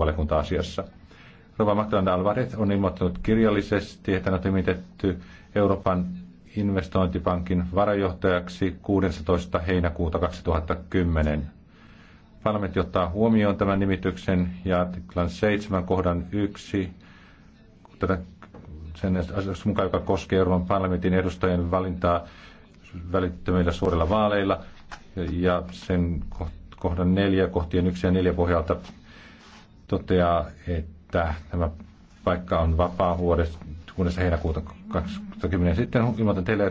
valiokunta-asiassa. Rova Magdalena Alvarez on ilmoittanut kirjallisesti, että on nimitetty Euroopan investointipankin varajohtajaksi 16. heinäkuuta 2010. Parlamentti ottaa huomioon tämän nimityksen ja artiklan 7 kohdan 1 tätä sen asetuksen mukaan, joka koskee Euroopan parlamentin edustajien valintaa välittömillä suorilla vaaleilla ja sen kohdan neljä kohtien yksi ja neljä pohjalta toteaa, että tämä paikka on vapaa vuodesta 6. heinäkuuta 2020. Sitten ilmoitan teille,